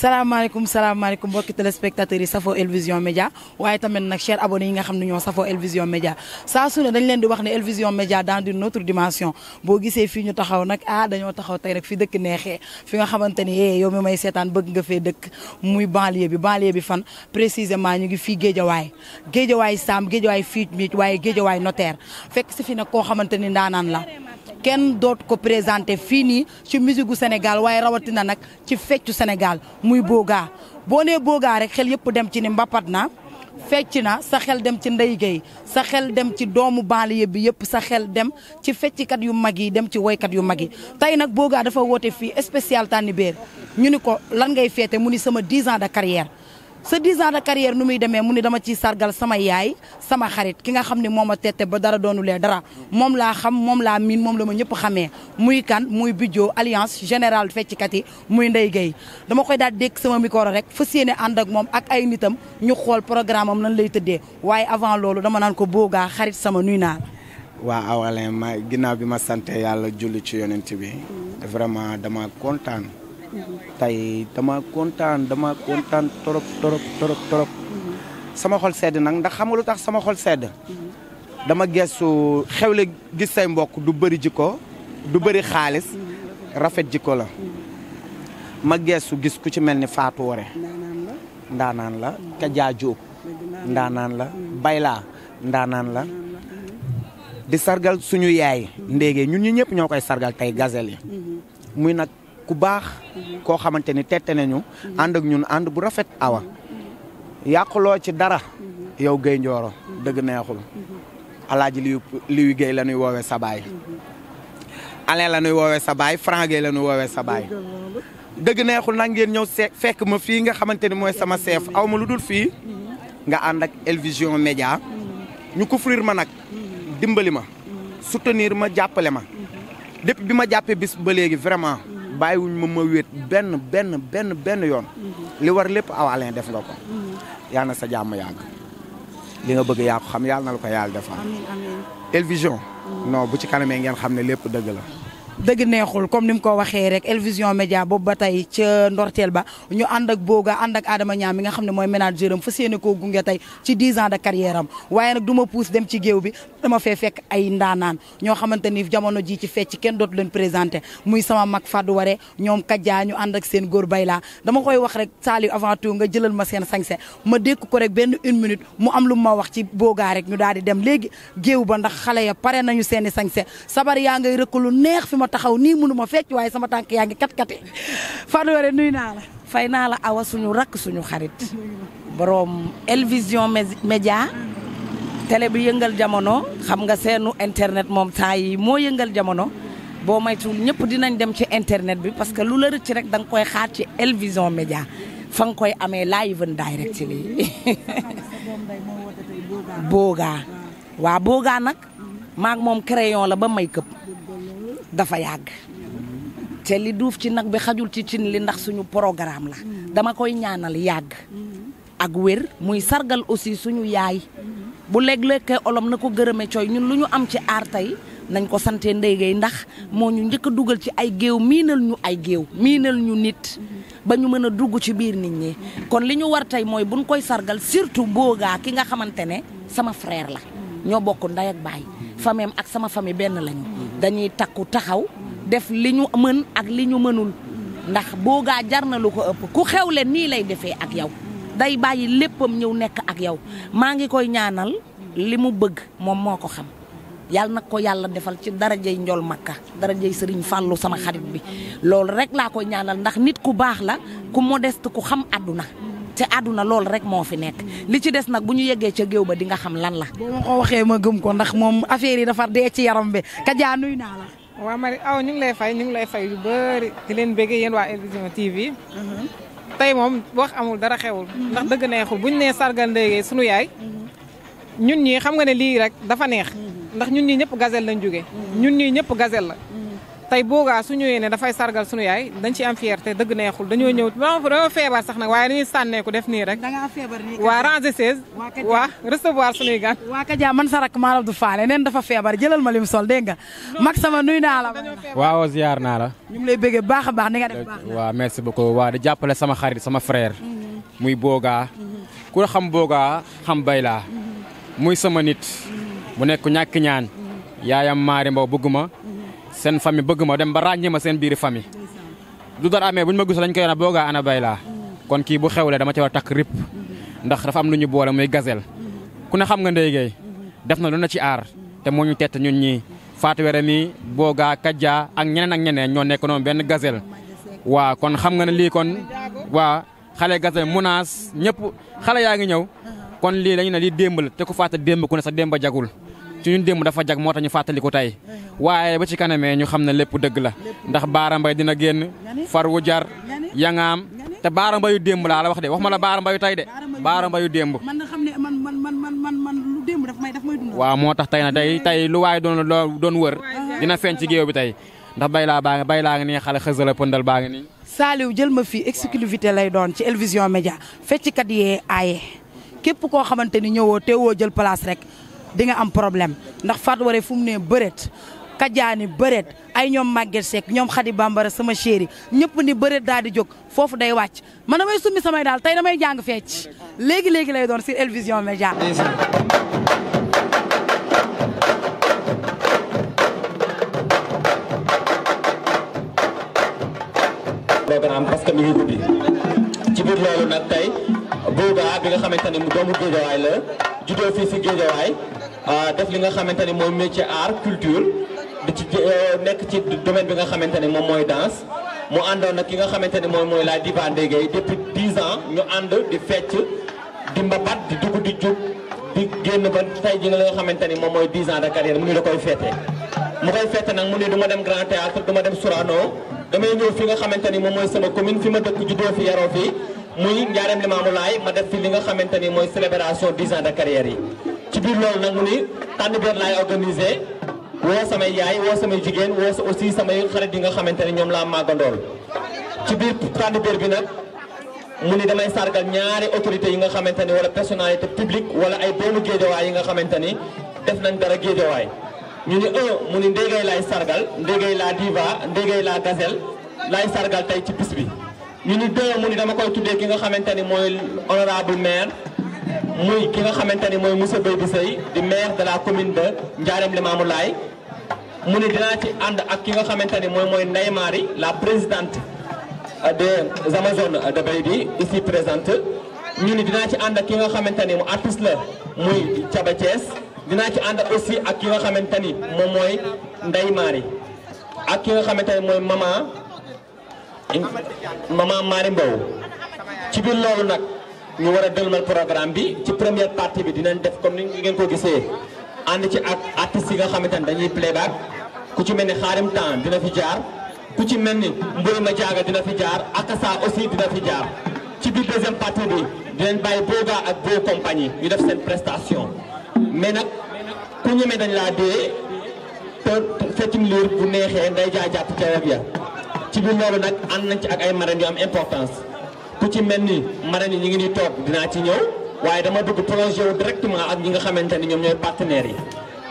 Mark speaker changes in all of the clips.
Speaker 1: salaamaaleykum salaamaaleykum mbokki téléspectateurs yi safoo Elvision Média waaye tamit nag chers abonnés yi nga xam ne ñoo safoo Elvision Média sa su ne dañ leen di wax ne Elvision Média dans une autre dimension boo gisee fii ñu taxaw nag ah dañoo taxaw tey rek fi dëkk neexee fi nga xamante ni eh yow mi may seetaan bëgg nga fee dëkk muy banlieue bi banlieue bi fan précisément ñu ngi fii Géejawaay Géejawaay Sam Géejawaay fii mi waaye Géejawaay notaire fekk si fi nag koo xamante ni ndaanaan la kenn dootu ko présenté fii nii ci musique gu Sénégal waaye rawatina nag ci feccu Sénégal muy boogaa boo nee Boga rek xel yëpp dem ci ni mbapat na fecc na sa xel dem ci Ndeye Gueye sa xel dem ci doomu banlieue bi yëpp sa xel dem ci fecckat yu mag yi dem ci woykat yu mag yi tey nag boogaa dafa woote fii spécial Tànn Béer ñu ni ko lan ngay feete mu ni sama 10 ans de carrière sa 10 ans de carrière nu muy demee mu ni dama ciy sargal sama yaay sama xarit ki nga xam ne moom a tette ba dara doonulee dara moom laa xam moom laa miin moom la ma ñëpp xamee muy kan muy Bidjo alliance générale fecckat yi muy Ndeye Gueye dama koy daal dékk sama mikoor a rek fa yéene ànd ak moom ak ay nitam ñu xool programme am lan lay tëddee waaye avant loolu dama naan ko boogaa xarit sama nuy naa
Speaker 2: waa awale ma ginnaaw bi ma sante yàlla julli ci yonent bi vraiment dama kontaan tey dama kontaan dama kontaan trop trop trop trop. sama xol sedd nag ndax xam lu tax sama xol sedd. dama gestu xewle gis say mbokk du bëri jikko du bari xaalis rafet jikko la. ma gestu gis ku ci mel ni Fatou Wore. ndaanaan la Kaja Diop. ndaanaan la Bayla ndaanaan la. di sargal suñu yaay. ndéegee ñun ñi ñëpp ñoo koy sargal tey gazelle yi. muy nag ku baax koo xamante ni tette nañu ànd ak ñun bu rafet awa yàquloo ci dara yow Gueye Ndioro dëgg neexul alaaji liu liu Gueye la ñuy woowee sa baay Alain la ñuy woowee sa baay Franc Gueye la ñuy woowee sa baay dëgg neexul nag ngeen ñëw fekk ma fii nga xamante ni sama chef aw ma lu nga ak ñu couvrir ma nag dimbali ma soutenir ma jàppale ma depuis bis ba vraiment bàyyiwuñ ma ma wéet benn benn benn benn yoon mhm. li war lépp awalin def nga ko mhm. yal na sa jàmm yàgg li nga bëgg yaa ko xam yal na la ko yàlla defal Elvision mhm. non bu ci kanamee ngeen xam ne lépp dëgg la
Speaker 1: dëgg neexul comme ni mu ko waxee rek El Vision Média boobu ba tey ca ndorteel ba ñu ànd ak Boga ànd ak Adama ñaam mi nga xam ne mooy manager am fas yéene ko gunge tey ci 10 ans de carrière am waaye nag duma ma puus dem ci géew bi dama fee fekk ay ndaanaan ñoo xamante ni jamono ji ci fecc kenn dootu leen présenté muy sama mag Fadou ware ñoom Kadja ñu ànd ak seen góor bay dama koy wax rek saali avant tout nga jëlal ma seen sañse ma dékk ko rek benn une minute mu am lu ma wax ci Boga ñu daal di dem léegi géew ba ndax xale ya pare nañu seen
Speaker 3: i taxaw nii mënuma fecc waaye sama tànk yaa ngi kat kate Fatou nuy naa la. fay naa la awa suñu rakk suñu xarit. borom Elvision Média. télé bi yëngal jamono xam nga seenu internet moom temps yi moo yëngal jamono. boo maytul ñëpp dinañ dem ci internet bi parce que lu la rëcci rek da nga koy xaar ci Elvision Média fa nga koy amee live and direct ci lii. waa boogaa nag maak moom crayon la ba may këpp dafa yàgg te li duuf ci nag bi xajul ci cin li ndax suñu programme la dama koy ñaanal yàgg ak wér muy sargal aussi suñu yaay bu léeg-léeg olom na ko gërëme coy ñun lu ñu am ci aar tey nañ ko sante Ndeye Gueye ndax moo ñu njëkk a dugal ci ay géew miinal ñu ay géew miinal ñu nit ba ñu mën a dugg ci biir nit ñi kon li ñu war tey mooy buñ koy sargal surtout boogaa ki nga xamante ne sama frère la ñoo bokk ndey ak baay fameem ak sama famille benn lañu. dañuy takku taxaw def li ñu mën ak li ñu mënul ndax boogaa jar na lu ko ëpp ku xewle nii lay defee ak yow day bàyyi léppam ñëw nekk ak yow maa ngi koy ñaanal li mu bëgg moom moo ko xam yàlla nag ko yàlla defal ci darajey njool makka darajey sëriñ fàllu sama xarit bi loolu rek laa koy ñaanal ndax nit ku baax la ku modeste ku xam àdduna te àdduna loolu rek moo fi nekk li ci des nag bu ñu yeggee ca géew ba di nga xam lan la.
Speaker 1: boo ma ko waxee ma gëm ko ndax moom affaire yi dafa dee ci yaram bi kajaa nuyu naa
Speaker 4: la. waa Marie aw ñu ngi lay fay ñu ngi lay fay yu bëri di leen bëggee yéen waa El Vision TV. Mhm. tey moom wax amul dara xewul. Mhm. ndax dëgg neexul buñ nee sargal ndéygee sunu yaay. Mhm. ñun ñii xam nga ne lii rek dafa neex. ndax ñun ñii ñëpp gazel lañ jógee. ñun ñii ñëpp gazel la. tey boogaa su ne dafay sargal suñu yaay dañ ci am fierté dëgg neexul dañoo ñëw dañoo feebar sax nag waaye dañuy sànneeku def nii rek waa ranger seize waa recevoir suñuy
Speaker 1: gan waa man sa rak maalam du dafa feebar jëlal ma lim sol dégg nga mag sama nuy naa la
Speaker 4: waaw ziar naa la
Speaker 1: ñu ngi lay bëggee baax a baax ni nga def baax
Speaker 4: waaw merci waa di jàppale sama xarit sama frère mm-hmm. muy boogaa mm-hmm. ku xam boogaa xam bay laa mm-hmm. muy sama nit mu nekk ñàkk ñaan yaayam maari mbaw bëgguma seen famille bëgg ma dem ba ràññima ma seen biiri famille du dara amee bu ñu ma gis lañ ko na boogaa ana bay laa kon kii bu xewlee dama ci war a takk rip ndax dafa am lu ñu boole muy gazelle ku ne xam nga ndey gay def na lu na ci aar te moo ñu tett ñun ñii Fatou Wéré mi boogaa Kadja ak ñeneen ak ñeneen ñoo nekk noonu benn gazelle waaw kon xam nga ne lii kon waa xale gazelle munaas ñëpp xale yaa ngi ñëw kon lii dañu ne lii démb la te ku fàtte démb ku ne sa démb jagul ci ñun démb dafa jag moo tax ñu fàttali ko tey waaye ba ci kanamee ñu xam na lépp dëgg la ndax Baara dina génn wu Jar Yangaam te Baara Mbaye yu démb laa la wax de wax ma la Baara Mbaye yu tey de Baara Mbaye yu démb. waaw moo tax tey na tey tey lu waaye doon doon wër dina feeñ ci géew bi tey ndax bay laa baa ngi bay laa ngi nii xale xësala pëndal baa ngi nii. Saliou jël ma fii exclusivité
Speaker 1: lay doon ci Elvision Média kat yee aaye képp koo xamante ni ñëwoo teewoo jël place rek. di nga am problème ndax fat Waré fum né nee bëreet kajaani bëreet ay ñom Maguette sek ñom khadi Bambara sama chéri ñepp ni bëreet daal di jog fofu day wacc man damay summi samay daal tay damay jang fecc légui légui lay doon sur
Speaker 5: ci biir loolu nag tey Bouba bi nga Euh, def li nga xamante ni mooy métier art culture di ci euh, nekk ci domaine bi nga xamante ni moom mooy danse mu àndoon nag ki nga xamante ni moom mooy la diva Ndeye Gueye depuis ans ñu ànd di fecc di mbapat di dugg di jub di génn ba tey ji nga li ni moom mooy 10 ans de carrière mu ni da koy fête mu koy fête nag mu ni du dem Grand Théâtre du dem Sorano damay ñëw fi nga xamante ni moom mooy sama commune fi ma dëkk juddoo fi yaroo fi muy Njaareem Limaamu Laay ma def fi li nga xamante ni mooy célébration 10 ans de carrière yi ci biir loolu nag mu ni tànn beer laay organisé woo samay yaay woo samay jigéen woo aussi samay xarit yi nga xamante ne ñoom laa màggandool ci biir tànn beer bi nag mu ni damay sargal ñaari autorités yi nga xamante ni wala personnalité publique wala ay doomu géejawaay yi nga xamante ni def nañ dara géejawaay ñu ni un mu ni ndéegay laay sargal ndéegay la diva ndéegay laa gazelle laay sargal tey ci bis bi ñu ni deux mu ni dama koy tuddee ki nga xamante ni mooy honorable maire muy ki nga xamante ni mooy monsieur Baby Seye di maire de la commune de Ndiarème laay mu ni dinaa ci ànd ak ki nga xamante ni mooy mooy Ndeye Marie la présidente euh, des Amazones de Baby ici présente ñu ni dinaa ci ànd ak ki nga xamante ni mu artiste la muy Thiaba dinaa ci ànd ak ki nga xamante ni moom mooy Ndeye Marie ak ki nga xamante ni mooy maman maman Marie Mbow ci biir loolu nag ñu war a dëlmal programme bi ci première partie bi dinañ def comme ni ñu ngeen ko gisee ànd ci ak artistes yi nga xamante ne dañuy playback ku ci mel ni xaarim temps dina fi jaar ku ci mel ni mburu ma jaaga dina fi jaar akasa aussi dina fi jaar ci biir deuxième partie bi dinañ bàyyi boogaa ak boo compagnie ñu def seen prestation mais nag ku ñemee dañ laa dee te feccum liir bu neexee nday jaa jàpp ca web ya ci biir loolu nag ànd nañ ci ak ay marraines yu am importance ku ci mel ni marraines yi ñu ngi ni toog dinaa ci ñëw waaye dama bëgg projet wu directement ak ñi nga xamante ni ñoom ñooy partenaires yi.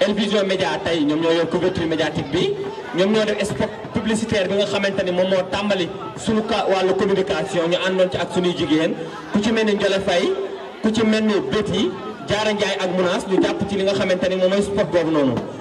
Speaker 5: El Vision Média tey ñoom ñoo yor couverture médiatique bi ñoom ñoo def spot publicitaire bi nga xamante ni moom moo tàmbali suñu ka wàllu communication ñu àndoon ci ak suñuy jigéen ku ci mel ni Ndiol Faye ku ci mel ni bët yi Jaara Njaay ak Munaas ñu jàpp ci li nga xamante ni moom mooy spot boobu noonu.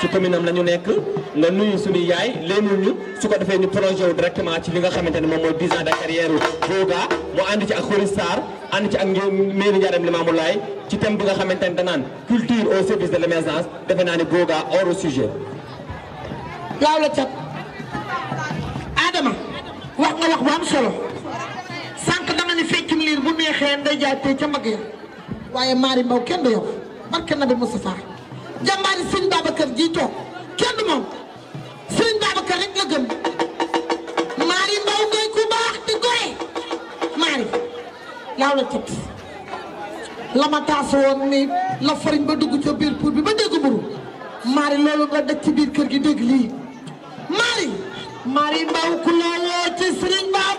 Speaker 5: ci commune am la ñu nekk nga nuyu suñu yaay leen ñu su ko defee ñu projet wu directement ci li nga xamante ne moom mooy 10 ans de carrière Boga mu ànd ci ak Khouri Sarr ànd ci ak mairie Ndiarème Limamoulaye laay ci thème bi nga xamante ne danaan culture au service de l'émergence defe naa ne Boga hors sujet.
Speaker 2: gaaw la cat Adama wax nga wax bu am solo sànq dama ne feccum liir bu neexee nday jaay tey ca mag ya waaye Mari Mbaw kenn du yow barke Nabi Moustapha jaa Serigne Babacar jii toog kenn moom Serigne Babacar rek la gëm maari Mbaw ngay ku baax di gore maari yaaw la tëdd la ma taas woon ni la fariñ ba dugg ca biir pour bi ba dégg mburu maari loolu nga daj ci biir kër maari maari Mbaw ku la
Speaker 6: woo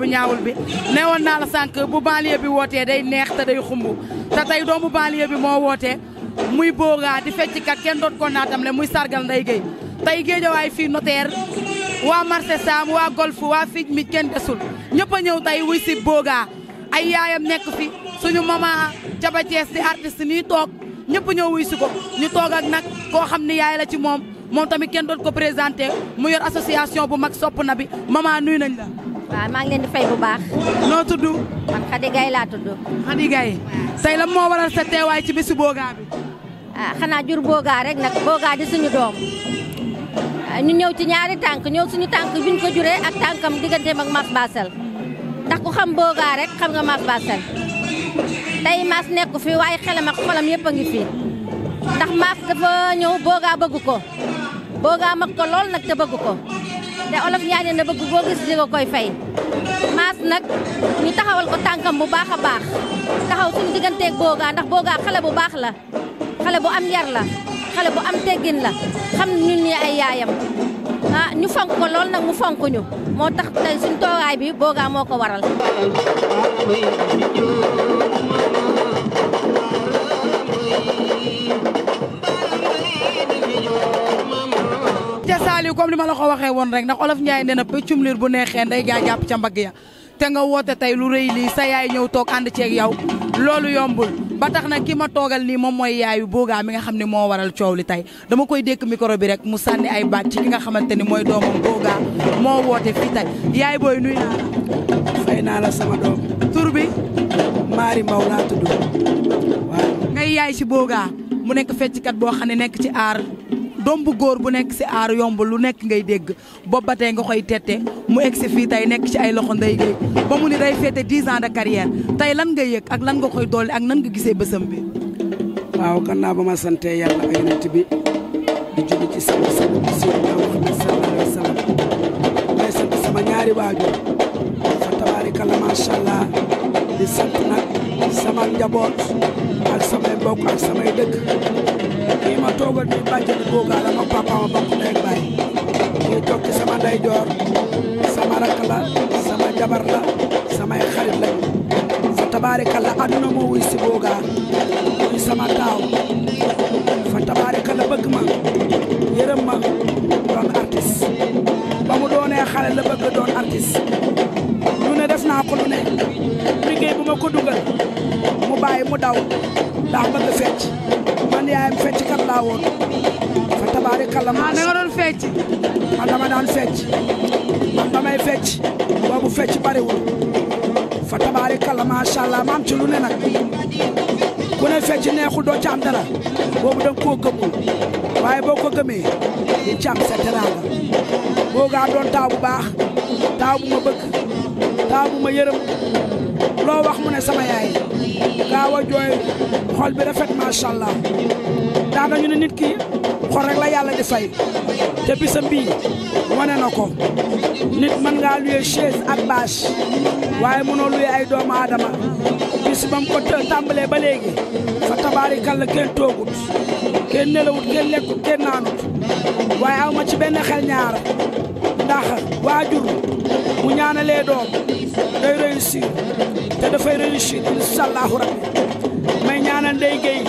Speaker 1: bu ñaawul bi neewoon naa la sànq bu banlieue bi wootee day neex te day xumb te tey doomu banlieue bi moo wootee muy boogaa di fecckat kenn doot ko naatam le muy sargal nday géey tey géejawaay fii notaire waa marché saam waa golf waa fij mi kenn desul ñëpp a ñëw tey wuy si boogaa ay yaayam nekk fi suñu mama Jaba Cees di artiste nii toog ñëpp ñëw wuy si ko ñu toog ak nag koo xam ni yaay la ci moom moom tamit kenn doot ko présenté mu yor association bu mag sopp na bi mama nañ la waa maa ngi leen di fay bu baax. noo tudd. man Khady Gaye laa tudd. Khady moo waral sa teewaay ci bésu
Speaker 4: boogaa bi. Ah, xanaa jur boogaa rek nag boogaa di suñu doom ah, ñu ñëw ci ñaari tànk ñëw suñu tànk biñ ko juree ak tànkam digganteem ak Mass Bassel ndax ku xam boogaa rek xam nga Mass Bassel tey Mass nekku fi waaye xelam ak xolam yëpp a ngi fi ndax Mass dafa ñëw boogaa bëgg ko boogaa mag ko lool nag te bëgg ko. te olof ñaane na bëgg boo gis di koy fay maas nag ñu taxawal ko tànkam bu baax a baax taxaw suñu digganteeg boogaa ndax boogaa xale bu baax la xale bu am yar la xale bu am teggin la xam ñun ñi ay yaayam ah ñu fonk ko lool nag mu fonk ñu moo tax tey suñu toogaay bi boogaa moo ko waral
Speaker 1: Saliou comme ni mala ko waxe won rek ndax olof Ndiaye neena peccum lir bu neexee nday gaa japp ca mbag ya te nga woote tay lu reey li sa yaay ñew tok and ci ak yaw lolu yombul ba tax na ki ma ni mom moy yaay yaayu boga mi nga xam mo waral coow li tey dama koy dékk micro bi rek mu sanni ay baat ci ki nga xamanteni moy mooy doomam boogaa moo woote fii tey yaay boy nuy naa la fay naa la sama doom tour bi mari Mbaw tuddu ngay yaay ci boga mu nek fecc kat bo ne nek ci art doom bu góor bu nekk ci aar yomb lu nekk ngay dégg boobu ba tey nga koy tette mu egg si fii tey nekk ci ay loxo Ndeye Gueye ba mu ni day féete 10 ans de tey lan nga yëg ak lan nga koy dolli ak nan nga gisee bësam bi.
Speaker 7: waaw kan ba ma sante yàlla ak yonent bi di julli ci sama sama monsieur Ndao sallallahu alayhi wa sallam may sant sama ñaari waajur fa tabaarikalla macha allah di sant nag sama njaboot bokk ak samay dëkk kii ma toogal di bàjjen Bouga ma papa ma bokk ndey ak baay kii toog ci sama ndeyjoor sama rakk sama jabar la samay xarit lañ fa tabaarikalla àdduna moo wuy si Bouga sama taaw fa tabaarikalla bëgg ma yërëm ma doon artiste ba mu doonee xale la bëgg doon artiste lu def naa ko lu bu ma ko mu bàyyi mu daw daa bëgg fecc man yaayam fecc kat laa woon fa tabaari kàlla ma. Ah, nga doon fecc. man ah, dama daan fecc man damay fecc boobu fecc bariwul fa tabaari kàlla macha allah ma am ci lu ne neexul doo ci am dara boobu da nga koo waaye boo ko gëmee di ci am sa doon taaw bu baax taaw bu ma taaw bu ma loo wax mu ne sama yaay. daaw a xol bi rafet macha allah daanañu ne nit ki xol rek la yàlla di te bisam bii wane na ko nit mën ngaa luye chaise ak bâche waaye mënoo luye ay doomu aadama bis ko tàmbalee ba léegi fa tabaarikàlla kenn toogut kenn nelawut kenn lekkut kenn waaye aw ma xel ñaar ndax waajur ñaanalee doom day réussir te dafay réussir incha may ñaanal Ndeye Gueye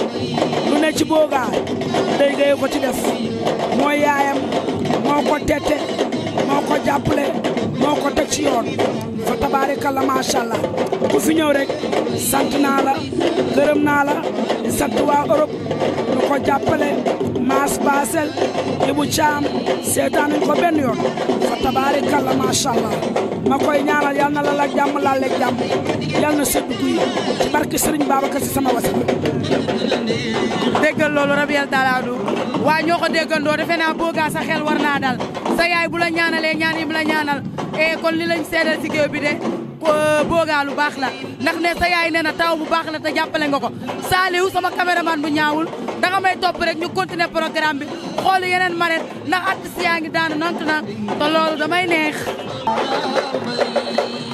Speaker 7: lu ne ci boogaa Ndeye Gueye ko ci def moo yaayam moo ko tette moo ko jàppale moo ko teg ci yoon fa tabaarakalla macha allah ku fi rek sant naa la gërëm naa la sant waa Europe lu ko jàppale maas baasel li bu caam ko benn yoon fa tabaarakalla macha allah ma koy ñaanal yal na la la jàmm laal leeg jàmm yal na sedd guy ci barke Serigne Babacar si sama wasi
Speaker 1: déggal loolu Rabiyel waa ñoo ko déggandoo defe naa boo gaa war naa dal sa yaay bu la ñaanalee ñaan yi ñaanal e kon li lañ seedal ci géew bi de boogaa lu baax la ndax ne sa yaay nee taaw bu baax la te jàppale nga ko Saliou sama caméraman bu ñaawul danga may topp rek ñu continuer programme bi xool yeneen maret ndax daanu nant 我们。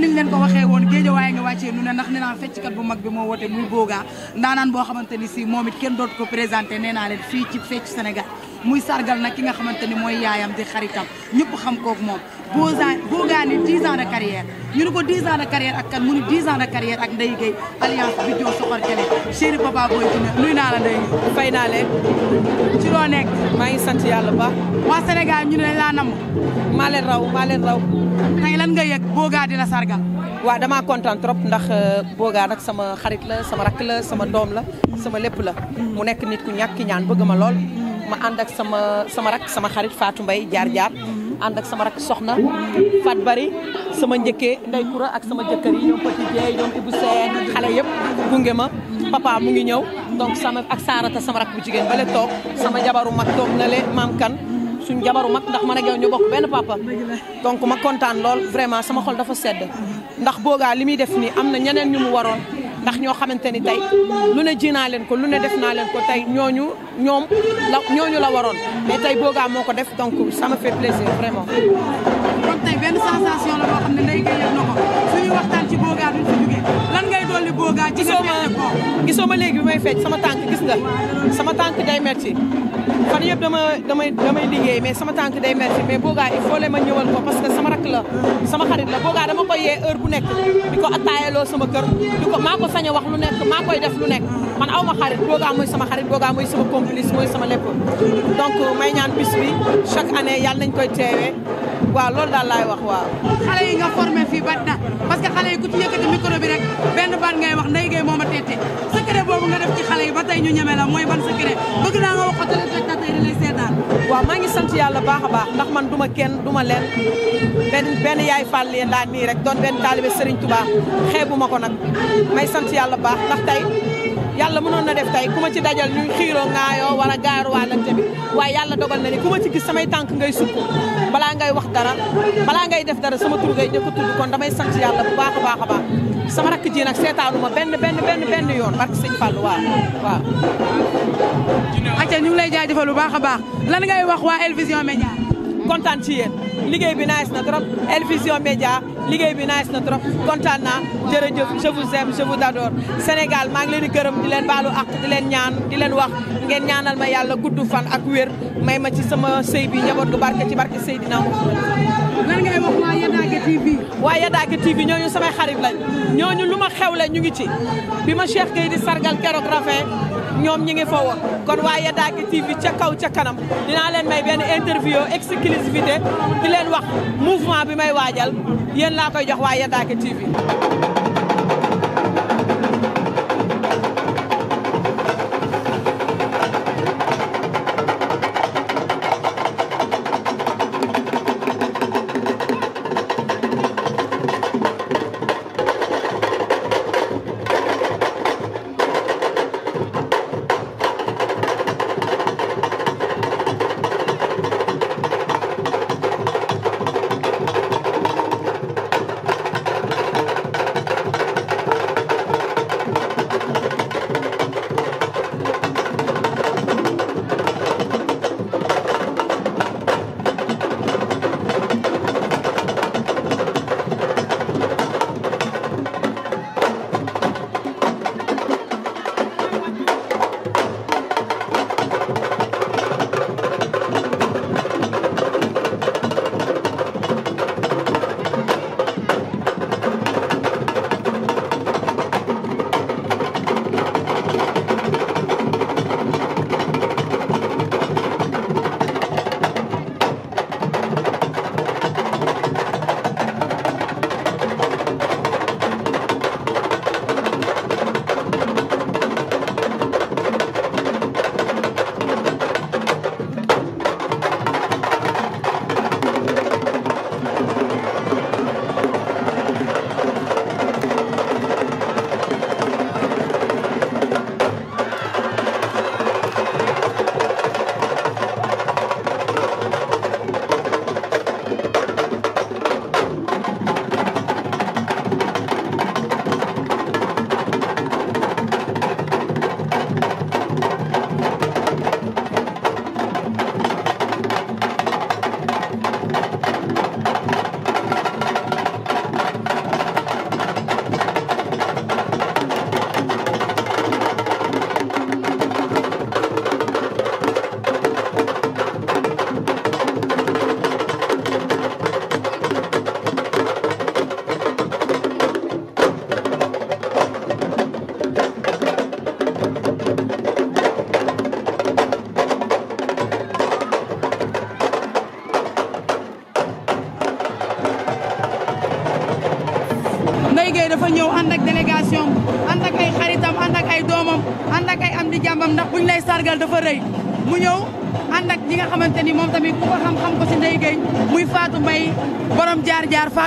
Speaker 1: comme leen ko waxee woon géejawaay nga wàccee nu ne ndax nee naa fecckat bu mag bi moo wote muy Boga ndaanaan boo xamante ni si moom it kenn dootu ko présenté nee naa leen fii ci fecc Sénégal muy sargal nag ki nga xamante ni mooy yaayam di xaritam ñëpp xam kook moom deux ans Bougane dix ans de carrière ak kan mu ne dix ak Ndeye Gueye alliance bi joo soxor kele chéri papa booy dina nuyu naa la Ndeye fay naa leen ci nekk maa ngi sant ba waa Sénégal ñu ne laa namm maa leen raw maa leen raw tey lan nga yëg Bougane dina sargal waa damaa kontaan trop ndax euh, Bougane nag sama xarit la sama rakk la sama doom la sama lépp la mu nekk nit ku ñàkki ñaan bëgg ma lool ma ànd ak sama sama rakk sama xarit Fatou Mbaye jaar ànd ak sama rak soxna Fat Bari sama njëkkee Ndey Kura ak sama jëkkër yi ñoom Petit Dieye ñoom Ibou Seen xale yëpp gunge ma papa mu ngi ñëw donc sama ak Sarata sama rak bu jigéen bale toog sama jabaru mag toog na maam kan suñ jabaru mag ndax ma ak yow ñu bokk benn papa donc ma kontaan lool vraiment sama xol dafa sedd ndax boogaa li muy def nii am na ñeneen ñu mu waroon ndax ñoo xamanteni tay tey lu ne ji naa ko lu ne def naa leen ko tay ñoñu ñom ñoñu la waron mais tay Boga moko def donc ça me fait plaisir vraiment. kon tay ben sensation la boo xamne lay léegi nako suñu waxtan ci Boga duñ gisoo ma gisoo ma léegi bi may fecc sama tànk gis nga sama tànk day metti fan yëpp dama damay damay liggéey mais sama tànk day metti mais boogaa il faut le ma ñëwal ko parce que sama rakk la sama xarit la boogaa dama koy yee heure bu nekk di ko attaayaloo sama kër di ko maa ko sañ wax lu nekk maa koy def lu nekk man aw ma xarit boogaa mooy sama xarit boogaa mooy sama complice mooy sama lépp donc euh, may ñaan bis bi chaque année yàlla nañ koy teewee waaw loolu daal laay wax waaw. xale yi nga formé fii bat parce que xale yi ku ci yëkkati micro bi rek benn baat ngay wax ndey gay moom a teete secret boobu nga def ci xale yi ba tey ñu ñeme la mooy ban secret bëgg naa nga wax ko téléspectateur yi lay seetaan. waaw maa ngi sant yàlla baax a baax ndax man du ma kenn du ma leen benn yaay fàll leen laa nii rek benn taalibe Serigne Touba xeebu ma ko nag may sant yàlla baax ndax yàlla mënoon na def tey ku ma ci dajal ñuy xiiroo ŋaayoo war a gaaruwaalante bi waaye yàlla dogal na ni ku ma ci gis samay tànk ngay sukk balaa ngay wax dara balaa ngay def dara sama tur ngay njëkk a tudd kon damay sant yàlla bu baax a baax a sama rakk ji nag seetaanu ma benn benn benn benn yoon barke sëñ Fallou waaw waaw. acca ñu ngi lay jaajëfal bu baax a baax lan ngay wax waa El Vision kontaan ci yéen liggéey bi nice na trop El Vision Média liggéey bi na nice na trop kontaan na jërëjëf je vous aime je vous Sénégal maa ngi leen gërëm di leen baalu ak di leen ñaan di leen wax ngeen ñaanal ma yàlla gudd fan ak wér may ma ci sama sëy bi njaboot gu barke ci barke Seydina
Speaker 6: Muhammad
Speaker 1: waaye Yadaaki TV ñooñu samay xarit lañ ñooñu lu ma xewle ñu ngi ci bi ma Cheikh Gueye di sargal keroog rafet ñoom ñi ngi fa woon kon waa Yadaaki TV ca kaw ca kanam dinaa leen may benn interview exclusivité
Speaker 8: di leen wax mouvement bi may waajal yéen laa koy jox waa Yadaaki TV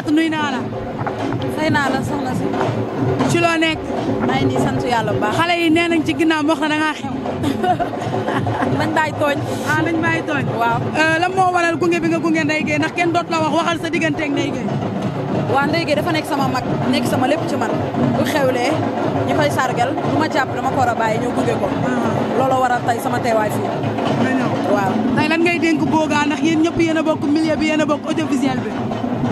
Speaker 1: Fatou nuyu naa la. fay naa la soxna si. ci loo nekk. maa ngi nii sant yàlla bu baax. xale yi nee nañ ci ginnaaw wax na da ngaa xew. nañ bàyyi tooñ. ah nañ bàyyi tooñ. waaw euh, lan moo waral gunge bi nga gunge Ndeye Gueye ndax kenn doot la wax waxal sa digganteeg Ndeye Gueye. waa Ndeye Gueye dafa nekk sama mag nekk sama lépp ci man bu xewlee ñu koy sargal bu ma jàpp dama ko war a bàyyi ñëw gunge ko. Ah. looloo waral tey sama teewaay fii. waaw tey lan ngay dénk boogaa ndax yéen ñëpp yéen bokk milieu bi yéen a bokk audiovisuel bi.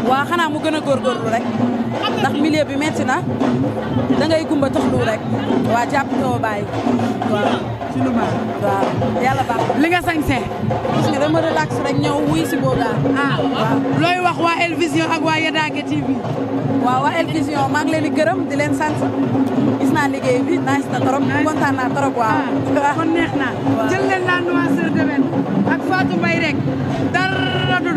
Speaker 1: waa xanaa mu gën a góorgóorlu rek ndax milieu bi metti na da gumba taxlu rek waa jàpp too bàyyi waaw si lu baax waaw yàlla baax li nga sañse gis nga dama relax rek ñëw wuy si boo daal ah, looy wax waa El ak waa Yadaake TV waaw waa El maa ngi leen di gërëm di leen sant gis naa liggéey bi nice na trop kontaan naa trop waaw ah, kon neex na jël leen la nuance de domaine ak Fatou Mbaye rek dara du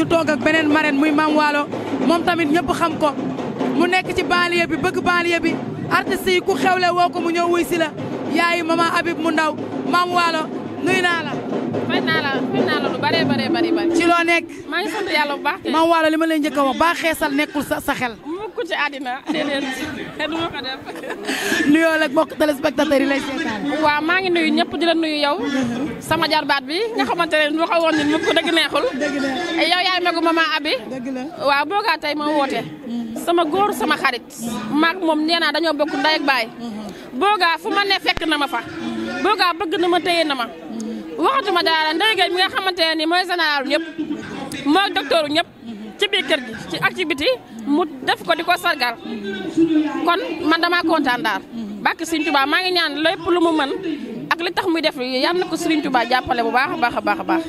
Speaker 1: ñu toog ak beneen marraine muy Mame Wallo moom tamit ñëpp xam ko mu nekk ci banlieue bi bëgg banlieue bi artistes yi ku xewle woo ko mu ñëw wuy si la yaayu maman Habib mu ndaw Mame Wallo nuyu naa la. fay naa ci loo nekk.
Speaker 9: maa ngi sant yàlla bu baax. Mame
Speaker 1: li ma leen njëkk a wax baa xeesal nekkul sa sa xel.
Speaker 9: mukk ci àddina déedéet te du ma ko def. maa ngi nuyu ñëpp di la nuyu sama jarbaat bi nga xamante ne nu waxoon ni mu ko dëgg neexul. dëgg neexul eh, yow yaay magu ma abi. dëgg la waaw boogaa tey ma woote. sama góor sama xarit. maag moom nee naa dañoo bokk ndey ak baay. boogaa fu ma ne fekk na ma fa. boogaa bëgg na ma téye na ma. waxatuma daal ndeyge mi nga xamante ne ni mooy général ñëpp. mooy docteur ñëpp. ci biir kër gi ci activité mu def ko di ko sargal kon man damaa kontaan daal. bàkk Sëñ Tuubaa maa ngi ñaan lépp lu mu mën. mu def yal na ko Serigne Touba jàppale bu baax a baax a baax a baax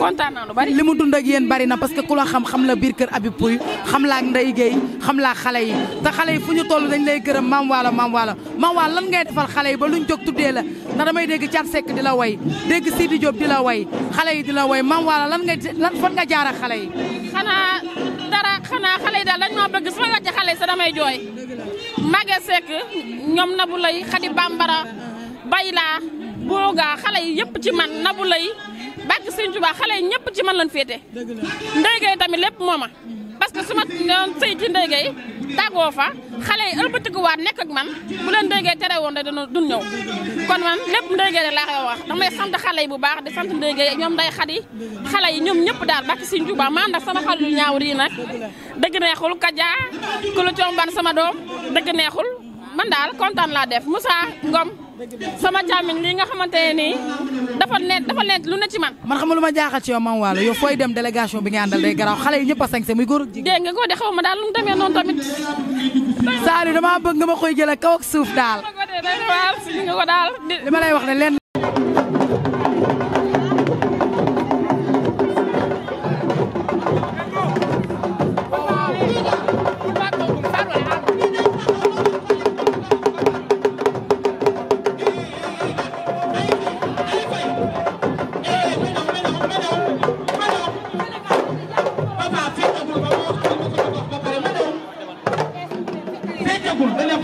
Speaker 9: kontaan naa lu bari.
Speaker 1: li mu dund ak yéen bari na parce que ku la xam xam la biir kër Habib xam laa ak Ndeye xam laa xale yi te xale yi fu ñu toll dañ lay gërëm maam waala maam waala maam waala lan ngay defal xale yi ba luñ jóg tuddee la ndax damay dégg Thiat Seck di la way dégg Sidi Diop di la way xale yi di la way maam waala lan ngay
Speaker 9: lan fan nga jaar xale yi. xanaa dara xanaa xale yi daal dañ ma bëgg su ma wàcce xale yi sax damay jooy Maguette Seck ñoom Nabou Leye Khady Bambara Bayla boga xalé yi yëpp ci man nabu lay bàkk serigne touba xalé yi ñëpp ci man lañ ndey gay tamit lépp moma parce que suma ma doon sëy ci fa xalé yi ëlbatikuwaat nek ak man bu leen gay téré woon da dun ñew kon man lépp ndey gay la koy wax damay sant xalé yi bu baax di sant gay ñom day xadi xalé yi ñoom ñëpp daal bàkk serigne touba maa ndax sama xale ñaaw
Speaker 6: neexul
Speaker 9: ku ban sama doom deug neexul man daal contane la def Moussa Ngom sama càmmiñ lii nga xamante ne nii dafa ne dafa ne lu ne ci man man xam lu ma jaaxal ci yow Mame
Speaker 1: Wallo yow fooy dem délégation bi nga àndal day garaaw xale yi ñëpp a sañse muy góor ak
Speaker 9: jigéen dégg nga ko de xaw ma daal lu mu demee tamit
Speaker 1: Saliou damaa bëgg nga ma koy jël ak kaw ak suuf daal li ma lay wax ne leen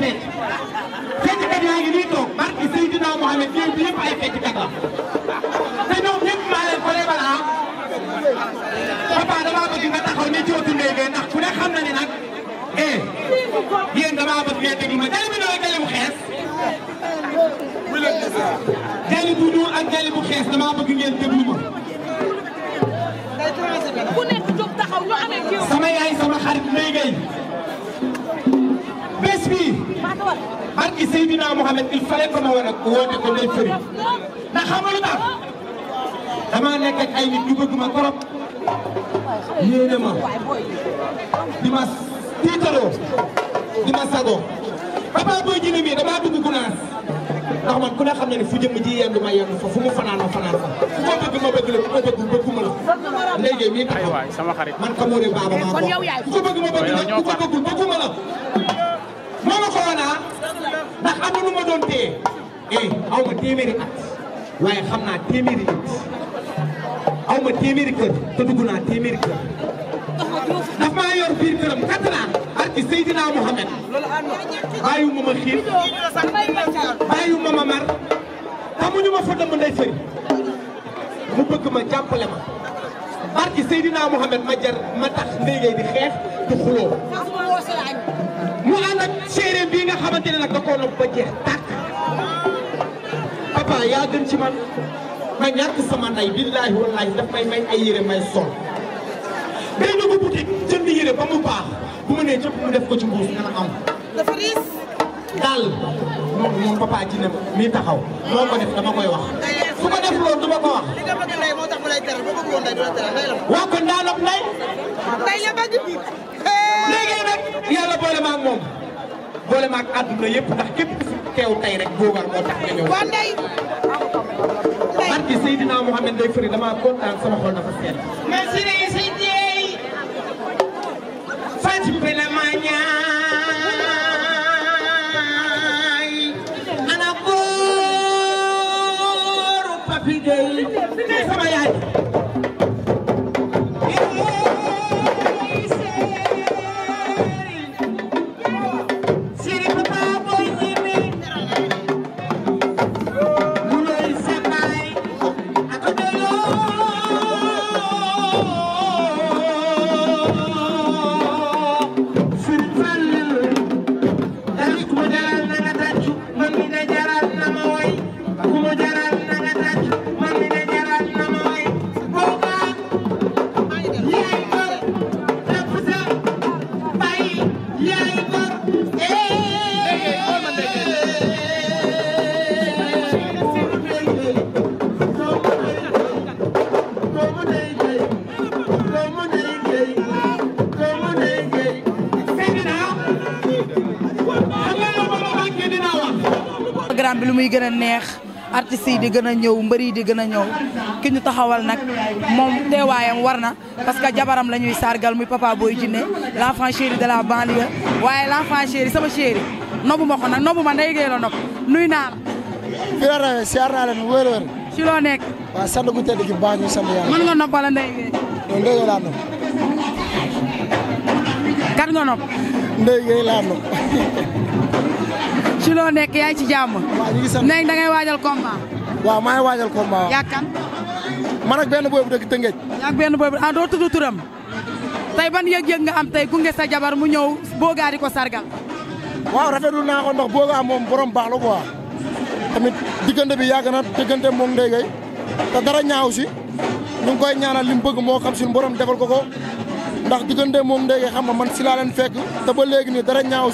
Speaker 2: fecc fecckat yaa ngi nii toog barki Seydina Mohamed ñoom bi yëpp ay fecckat la te ñoom ñëpp maa leen ko lebal ah papa damaa bëgg nga taxaw ne cootu ndey ngay ndax ku ne xam na ni nag eh yéen damaa bëgg ngeen déglu ma jali bi nooy jali bu xees jali bu ñuul ak jali bu xees damaa bëgg ngeen déglu ma
Speaker 1: sama yaay sama
Speaker 2: xarit ndey ngay barki Seydina Mohamed il fallait que ma war a woote ko day fëri
Speaker 3: ndax xam nga lu tax
Speaker 2: dama nekk ak ay nit ñu bëgg ma trop yéene ma di ma tiitaroo di ma sago papa booy jine mii dama dugg gunaas ndax man ku ne xam ne ne fu jëm ji yendu ma yendu fa fu mu fanaan ma fanaan fa fu ko bëgg ma bëgg la fu ko bëgg bëgguma
Speaker 7: la
Speaker 2: léegi mii taxaw man ka moo ne baaba maa ko ku ko bëgg ma bëgg la ku ko bëggul bëgguma la mënu ko woon ah ndax amul lu ma doon téye eh aw ma téeméeri at waaye xam naa téeméeri nit aw ma téeméeri kër te dugg naa téeméeri kër daf maa yor biir këram quatre ans barki Seydina Mohamed bàyyiwuma ma xiir bàyyiwuma ma mar amuñu ma fa dëmb ndey fëri mu bëgg ma jàppale ma barki Seydina Mohamed ma jar ma tax ndéygay di xeex du xuloo mu ànd ak séeréer bii nga xamante ne nag da koo nopp ba jeex tàkk papa yaa gën ci man ma ñàkk sama ndey billaahi wallaahi daf may may ay yére may sol benn bu boutique jënd yére ba mu baax bu ma nee cëpp mu def ko ci mbuus nga am dafa riis daal moom moom papa ji ne mi taxaw moo ko def dama koy wax su ko def loolu du ma ko wax waaw kon daa nopp nday. nday la bëgg. léegi nag yàlla boole ma ak moom boole ma ak àdduna yëpp ndax képp ku teew tey rek boobar moo tax nga ñëw. waaw nday. barki Seydina Mouhamed day fëri dama kontaan sama xol dafa seen.
Speaker 6: merci
Speaker 1: muy gëna neex artiste yi di gëna ñëw mbëri di gëna ñëw ki ñu taxawal nak mom téwayam warna parce que jabaram la sargal muy papa boy jinné l' enfant chéri de la banlieue waye l' chéri sama chéri nobu mako nak nobu ma ndey gee la nopp nuy naa la
Speaker 10: fi la rawee siyaar la ñu wër wër ci lo nekk wa sant gu tedd gi baax ñu sant nga nopp ndey gee ndey la nopp kan nga nopp ndey gee la
Speaker 6: nopp
Speaker 1: ci loo nekk yaay ci jàmm. waaw da ngay waajal combat. waaw maa ngi combat. yaa kan? man ak benn boobu dëkk Tëngéej. yaa ah, turam. ban nga am sa jabar mu di ko sargal.
Speaker 10: waaw rafetlu naa ko ndax boogaa moom borom baax la quoi. tamit diggante bi yàgg na diggante moom Ndeye Gueye te dara ñaaw si ñu koy ñaanal li bëgg moo xam borom defal ko ko ndax xam man si leen fekk ba dara ñaaw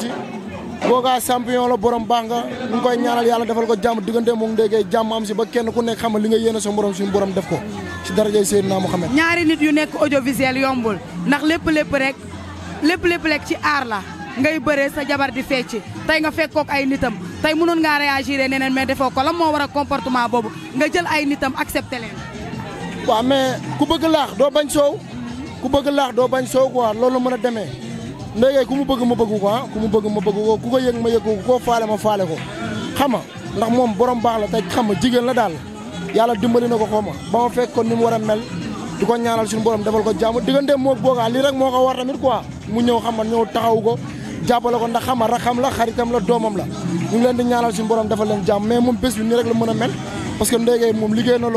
Speaker 10: Boga champion la borom banga ngui koy ñaanal yalla defal ko jamm digënde mo ngi déggee jamm am si ba kenn ku nekk xam li nga yéne sa borom suñu borom def ko si daraaje sayyidina muhammad
Speaker 1: ñaari nit yu nekk audiovisuel yombul nak lepp lepp rek lepp lepp rek ci aar la ngay bëré sa jabar di fecc tay nga fekkook ay nitam tay mënon nga réagir nenen mais defo ko lan mo wara comportement bobu nga jël ay nitam accepter len
Speaker 10: wa mais ku bëgg laax do bañ soow ku bëgg laax do bañ soow quoi loolu mëna démé ndéygay ku mu bëgg ma bëgg ko ah ku mu bëgg ma bëgg ko ku ko ma yëg ko ku ko faale ma faale ko xam ndax moom borom baax la te xam nga jigéen la daal yàlla dimbali na ko xaw ma fekk ko ni mu war a mel di ko ñaanal suñu borom defal ko jàmm diggante moo boogaa lii rek moo ko war tamit quoi mu ñëw xam nga ñëw taxaw ko jàppale ko ndax xam nga raxam la xaritam la doomam la ñu ngi leen di ñaanal suñu borom defal leen jàmm mais moom bés bi nii rek a mel parce que ndéygay moom liggéey na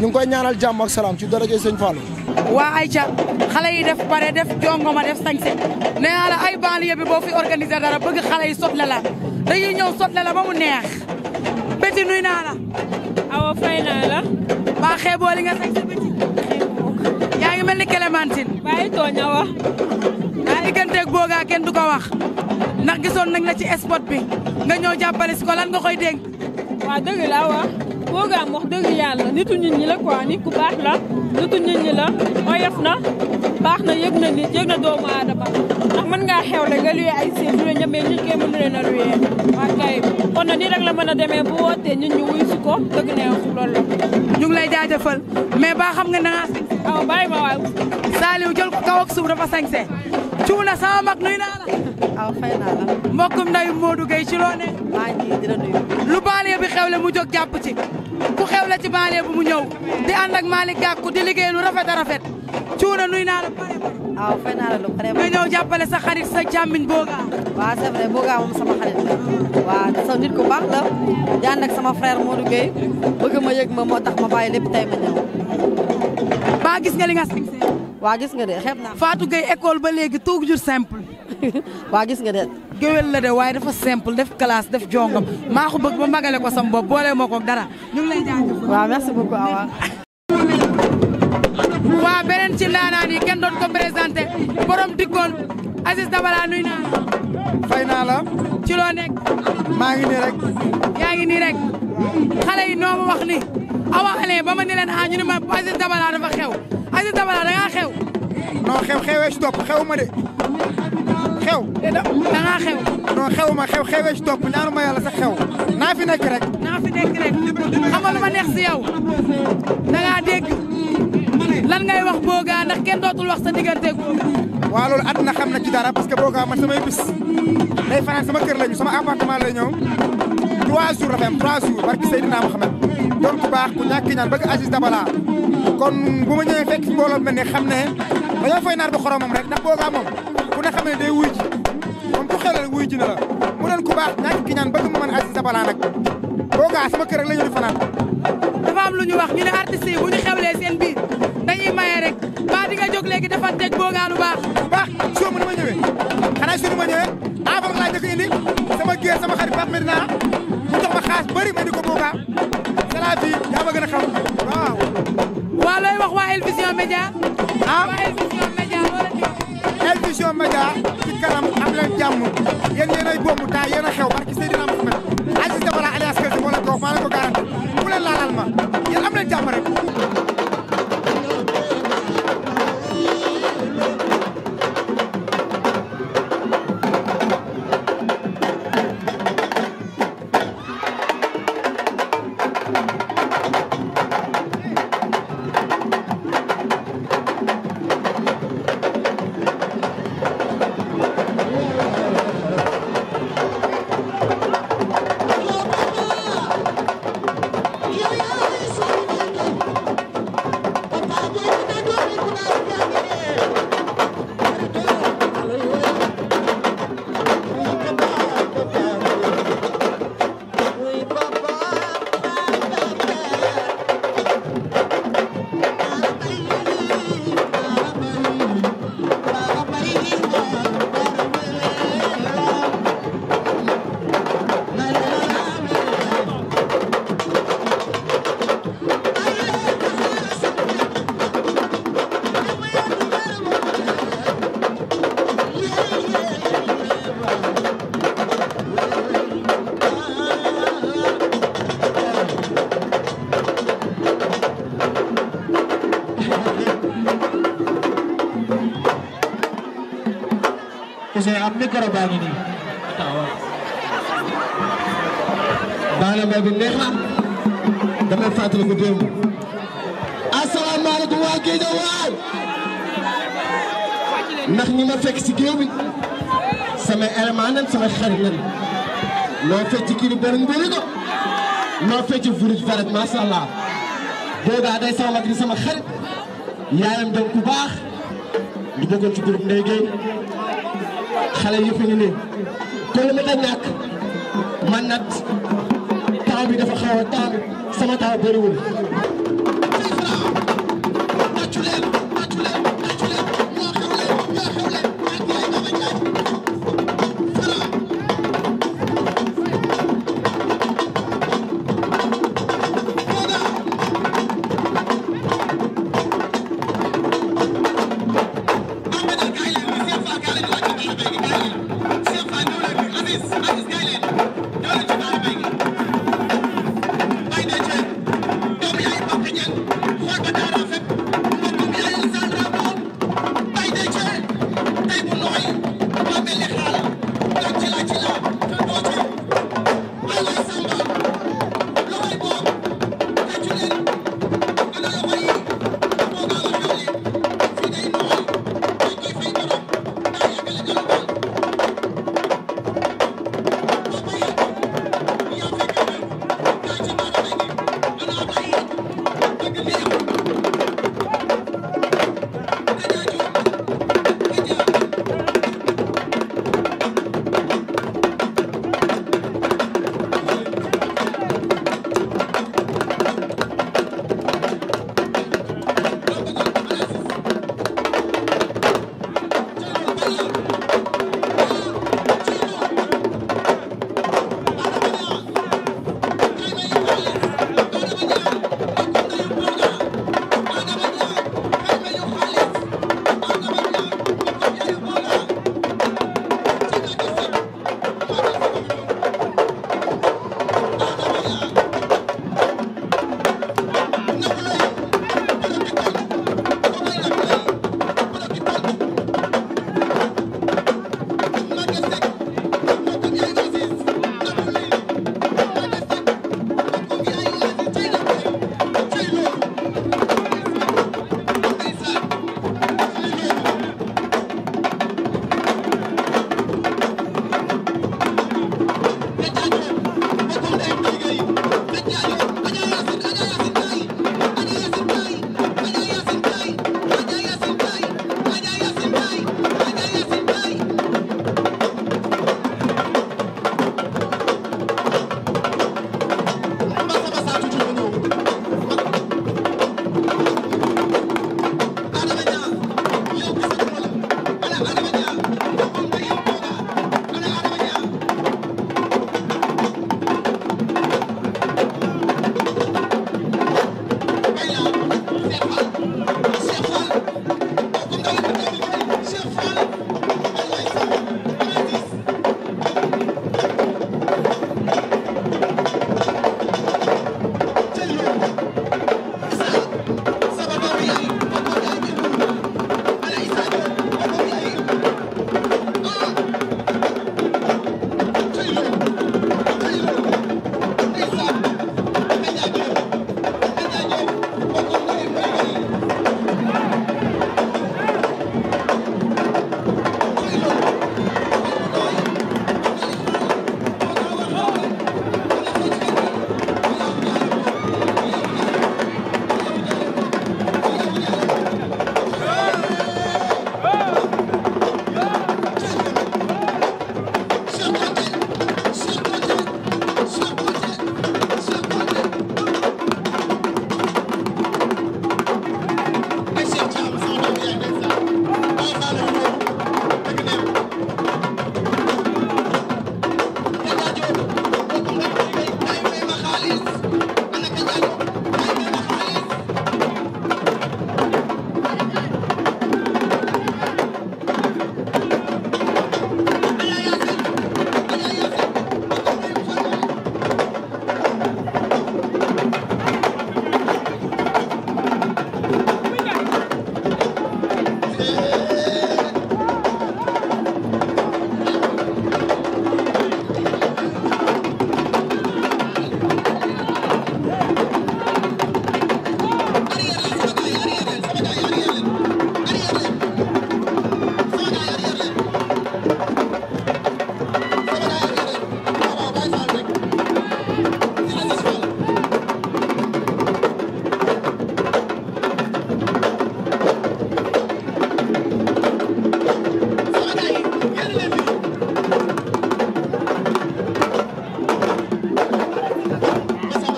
Speaker 10: ñu koy ñaanal jamm ak salam ci daraje sëñ Fallou waa Aïcha
Speaker 1: xalé yi def paré def jongoma def sanxé nee naa ay banlieue bi bo fi organiser dara bëgg xalé yi sotle la day ñëw sotle la ba mu neex béti nuy naa la awa fay naa la xé bo li nga sañse béti yaa ngi mel ni Clémentine bàyyi tooñ awa yaa digganteeg boogaa kenn du ko wax nak gisoon nañ la ci spot bi nga ñëw jappalé ci ko lan
Speaker 9: nga koy dénk wa dëgg la waa programme wax dëgg yàlla nitu nit ñi la quoi nit ku baax la nitu nit ñi la oyof na baax na yëg na nit yëg na doomu aadama ndax mën ngaa xew le nga luye ay seen luye ñëpp mais nit kee mënu a luye waa kay kon na nii rek la mën a demee bu wootee nit ñi wuy si ko dëgg ne loolu la. ñu ngi lay jaajëfal
Speaker 1: mais ba xam nga na ngaa bàyyi ma waay. Saliou jël ko kaw ak suuf dafa sañse. cuuna sama mag nuy naa la. waaw fay la. mbokkum nday Modou Gueye ci loo mu jóg jàpp ci. ku xew la ci banlieue bu mu ñëw di ànd ak Malick Gakou di liggéey lu rafet a rafet cuuna nuy naa la waaw fay naa la lu bare bare nga ñëw jàppale sa xarit sa jàmmiñ Boga a c'est vrai Boga moom sama xarit la waaw te sa nit ku baax la di ànd ak sama frère Modou Gueye bëgg ma yëg ma moo tax ma bàyyi lépp tey ma ñëw baa gis nga li nga sing gis nga de xeeb naa Fatou Gueye école ba léegi toujours simple waa gis nga de. géwél la de waaye dafa simple def classe def jongam maa ko bëgg ba magale ko sam bopp boole moo ko dara ñu ngi lay jaajëfal. waaw merci beaucoup Awa. waa beneen ci ndaanaan yi kenn doon ko présenté borom dikkoon Aziz Dabala nuy naa fay naa la. ci loo nekk. maa ngi nii rek. yaa ngi nii rek. xale yi noo ma wax ni Awa Alain ba ma ni leen ah ñu ne ma Aziz
Speaker 2: Dabala dafa xew Aziz Dabala da ngaa xew. non xew xewee si topp xew ma de. xew. da ngaa xew. non xew ma xew xewee ci topp ñaanu ma yàlla sax xew. naa nekk rek. naa neex si yow. da ngaa dégg
Speaker 1: lan wax Boga ndax kenn dootul wax sa diggante gu.
Speaker 2: waaw loolu àdduna xam na ci dara parce que Boga man samay bis day fanaan sama kër lañu sama appartement lay ñëw. trois jours dafay am trois jours barki Seydina Mohamed doon ku baax ku ñàkk ñaan bëgg Aziz Dabala kon bu ma ñëwee fekk mbooloo mel ne xam ne dañoo naar ba xoromam nga xam ne day wuy ji moom ku xelal wuy ji na la mu doon ku baax ñàkk ki ñaan ba du mu mën Aziz Dabala nag boo gaa sama kër rek la ñu di fanaan dafa am lu ñu wax ñu ne artistes yi bu ñu xewlee seen biir dañuy maye rek ba di nga jóg léegi dafa teg boo gaa lu baax baax soo mu ni ma ñëwee xanaa su ni ma ñëwee avant laa njëkk indi sama géer sama xarit Pape Medina mu jox ma xaas bëri ma di ko boo gaa c'est la vie yaa ma gën a xam waaw waa looy wax waa El Vision Média waa El Vision Média Vision Médias ci kanam am leen ay boobu temps yéen a
Speaker 5: duka rabani ne bala mai bin nema da mai fatar gude mu assalamu alaikum wa ke da war ndax ñi ma fekk ci géew bi
Speaker 2: sama élément nan sama xarit nan noo fecc kii di borom bëri ko noo fecc furuj faret masha Allah boogaa day sama mag di sama
Speaker 4: xarit yaayam doon ku baax ñu bëggoon ci groupe Ndeye Gueye xale fi ñu nii ko lu mën nak man nag
Speaker 5: taw bi dafa xawa taw sama taw bari bëriwul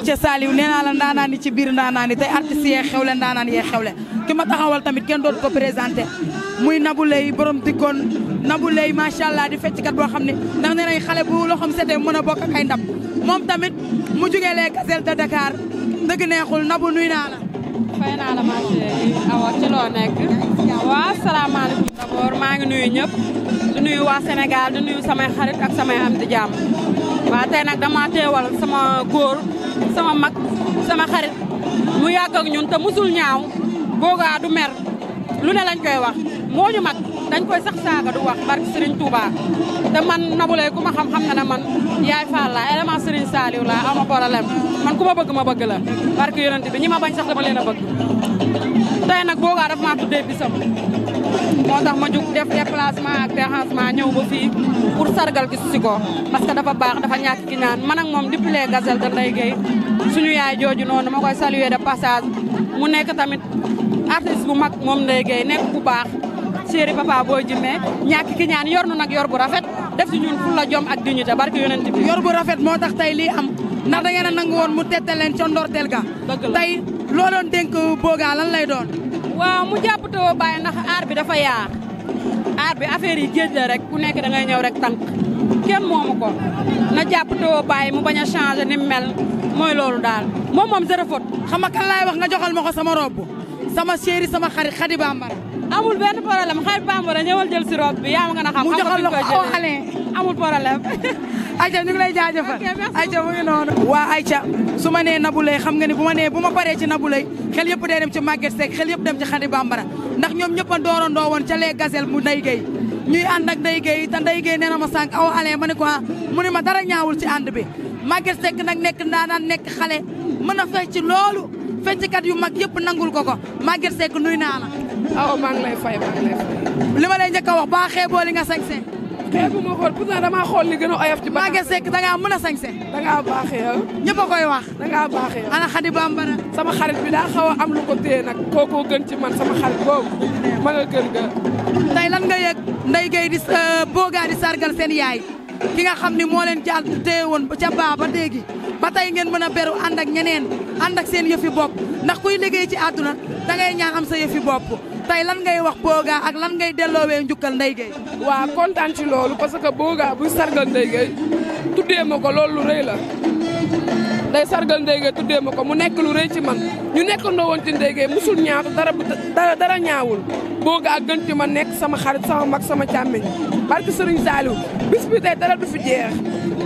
Speaker 1: ca Saliou nee naa la ndaanaan yi ci biir ndaanaan yi tey artistes yee xewle ndaanaan yee xewle ki ma taxawal tamit kenn dootu ko présenté muy Nabou Leye borom dikkoon Nabou Leye macha allah di fecckat boo xam ne ndax nee nañ xale bu loxoom setee mën a bokk ak moom tamit mu jugee les gazelles de Dakar dëgg neexul Nabou nuy naa la. fay naa la
Speaker 6: maa
Speaker 8: ngi awa ci loo nekk. waaw salaamaaleykum waa Sénégal di nuyu samay xarit ak samay am di jàmm waaw tey nag dama teewal sama mag sama xarit mu yàgg ak ñun te musul ñaaw boogaa du mer lu ne lañ koy wax moo ñu mag dañ koy sax saaga du wax barke Serigne Touba te man Nabou Leye ku ma xam xam na man yaay Fall laa élément Serigne Saliou laa ama problème man ku ma bëgg ma bëgg la barke yonent bi ñi ma bañ sax dama leen a bëgg tey nag boogaa daf maa tuddee bisam moo tax ma jug def déplacement ak dérangement ñëw ba fii pour sargal ki si ko parce que dafa baax dafa ñàkk ki ñaan man ak moom depuis les gazelles de Ndeye Gueye suñu yaay jooju noonu ma koy saluer de passage mu nekk tamit artiste bu mag moom Ndeye Gueye nekk bu baax chéri papa boo jimee ñàkk ki ñaan yor nu nag yor bu rafet def si ñun ful la jom ak dignité barke yonent bi yor bu rafet moo tax tey lii am ndax da ngeen a nangu woon mu tettal leen ca ndorteel ga tey looloon dénk boogaa lan lay doon waaw mu jàpp tawoo bàyyi ndax aar bi dafa yaa aar bi affaire yi géej la rek ku nekk da ngay ñëw rek tànk kenn moomu ko na jàpp tawoo bàyyi mu bañ a changé ni mu mel mooy loolu daal moom moom zéro faute xam nga kan laay wax nga joxal ma ko sama robe sama chéri sama xarit Khady Bambara amul benn problème Khady Bambara ñëwal jël si robe bi yaa ma nga na xam mu joxal la ko xale amul problème Aïcha ñu ngi lay jaajëfal Aïcha mu ngi noonu
Speaker 1: su ma nee Nabou Leye xam nga ni bu ma nee bu ma paree ci Nabou Leye xel yëpp day dem ci Maguette Seck xel yëpp dem ci Khady Bambara ndax ñoom ñëpp a doorandoo woon ca les gazelles mu Ndeye Gueye ñuy ànd ak Ndeye Gueye te Ndeye Gueye nee na ma sànq aw alee ma ne ko ah, mu ne ma dara ñaawul ci ànd bi Maguette Seck nag nekk ndaanaan nekk xale mën na fecc ci loolu kat yu mag yëpp nangul ko ko Maguette Seck nuy naa la aw maa lay fay maa lay fay li ma lay njëkk a wax baa li nga sañse xeebu ma xool pourtant damaa xool li gën a oyof ci Maguette Seck da ngaa da yow ah. koy wax da yow ah. ana Xadi Bambara sama xarit bi daa xaw am lu ko téye
Speaker 7: gën ci man sama xarit boobu ma nga gën ga
Speaker 1: tey lan nga yëg Ndeye di euh, boogaa di sargal seen yaay ki nga xam ni moo leen jàll téye woon ca baa ba léegi ba tey ngeen mën a beru ànd ak ñeneen ànd ak seen yëfi bopp ndax kuy liggéey ci da ngay ñaan am sa yëfi bopp tey lan ngay wax Boga ak lan ngay delloowee njukkal Ndeye Gueye. waa kontaan
Speaker 7: ci loolu parce que Boga buy sargal Ndeye Gueye tuddee ma ko loolu lu rëy la day sargal Ndeye gay tuddee ma ko mu nekk lu rëy ci man ñu nekkandoo woon ci Ndeye Gueye musul ñaatu dara dara dara ñaawul Boga ak gën ci ma nekk sama xarit sama mag sama càmmiñ barke Serigne Saliou bis bi tey dara du fi jeex.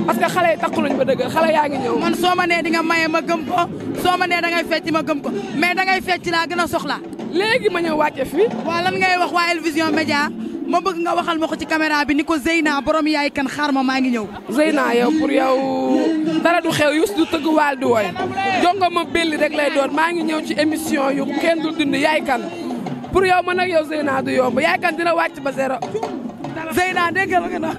Speaker 7: parce que xale yi takku nañu ba dëgg xale yaa ngi ñëw. man
Speaker 1: soo ma nee di nga maye ma gëm ko soo ma nee da ngay ma gëm ko mais da ngay fecc laa gën a soxla léegi ma ñëw wàcce fii. waaw lan ngay wax waa El Vision Média ma bëgg nga waxal ma ko ci caméra bi ni ko Zeyna borom yaay kan xaar ma maa ngi ñëw. Zeyna yow pour yow
Speaker 7: dara du xew yus du tëgg waal du woy jongo ma belli rek lay doon maa ngi ñëw ci émission yu kenn du dund yaay kan pour yow man ak yow Zeyna du yomb yaay kan dina wàcc ba zéro. Zeyna
Speaker 1: dégg
Speaker 6: nga